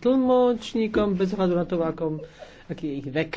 tlmočníkom bez hľadu na to, aký je ich vek.